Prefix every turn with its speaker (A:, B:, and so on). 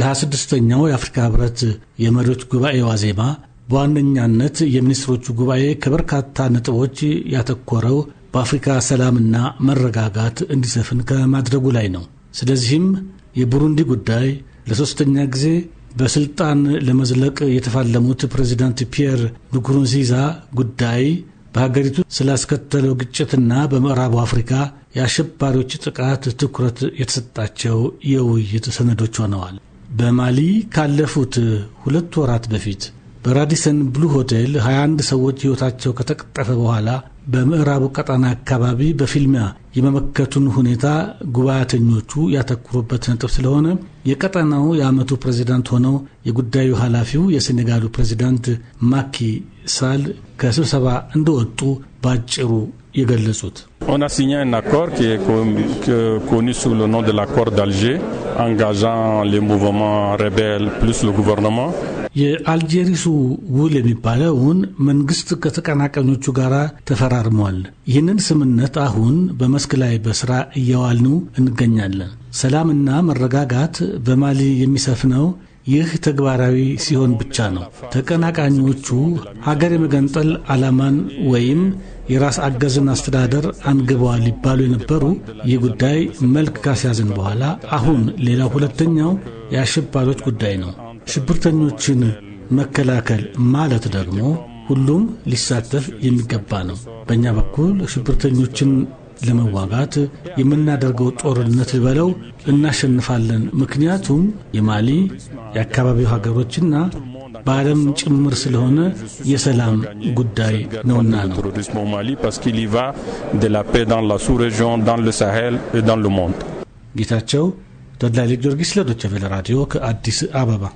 A: ለ26ኛው የአፍሪካ ህብረት የመሪዎች ጉባኤ ዋዜማ በዋነኛነት የሚኒስትሮቹ ጉባኤ ከበርካታ ነጥቦች ያተኮረው በአፍሪካ ሰላምና መረጋጋት እንዲሰፍን ከማድረጉ ላይ ነው። ስለዚህም የቡሩንዲ ጉዳይ ለሦስተኛ ጊዜ በስልጣን ለመዝለቅ የተፋለሙት ፕሬዚዳንት ፒየር ንኩሩንዚዛ ጉዳይ በሀገሪቱ ስላስከተለው ግጭትና በምዕራቡ አፍሪካ የአሸባሪዎች ጥቃት ትኩረት የተሰጣቸው የውይይት ሰነዶች ሆነዋል። በማሊ ካለፉት ሁለት ወራት በፊት በራዲሰን ብሉ ሆቴል 21 ሰዎች ሕይወታቸው ከተቀጠፈ በኋላ በምዕራቡ ቀጠና አካባቢ በፊልሚያ የመመከቱን ሁኔታ ጉባኤተኞቹ ያተኩሩበት ነጥብ ስለሆነ የቀጠናው የዓመቱ ፕሬዚዳንት ሆነው የጉዳዩ ኃላፊው የሴኔጋሉ ፕሬዚዳንት ማኪ ሳል ከስብሰባ እንደወጡ ባጭሩ የገለጹት
B: On a signé un accord qui est connu sous le nom de l'accord d'Alger, engageant les mouvements rebelles plus le gouvernement
A: የአልጄሪሱ ውል የሚባለውን መንግስት ከተቀናቃኞቹ ጋር ተፈራርሟል። ይህንን ስምነት አሁን በመስክ ላይ በስራ እየዋልነው እንገኛለን። ሰላምና መረጋጋት በማሊ የሚሰፍነው ይህ ተግባራዊ ሲሆን ብቻ ነው ተቀናቃኞቹ ሀገር የመገንጠል ዓላማን ወይም የራስ አገዝን አስተዳደር አንግበዋል ሊባሉ የነበሩ ይህ ጉዳይ መልክ ካስያዝን በኋላ አሁን ሌላው ሁለተኛው የአሸባሪዎች ጉዳይ ነው። ሽብርተኞችን መከላከል ማለት ደግሞ ሁሉም ሊሳተፍ የሚገባ ነው። በእኛ በኩል ሽብርተኞችን ለመዋጋት የምናደርገው ጦርነት በለው እናሸንፋለን። ምክንያቱም የማሊ የአካባቢው ሀገሮችና በዓለም ጭምር ስለሆነ የሰላም
B: ጉዳይ ነውና ነው።
A: ጌታቸው ተድላ ጊዮርጊስ ለዶቸቬለ ራዲዮ ከአዲስ አበባ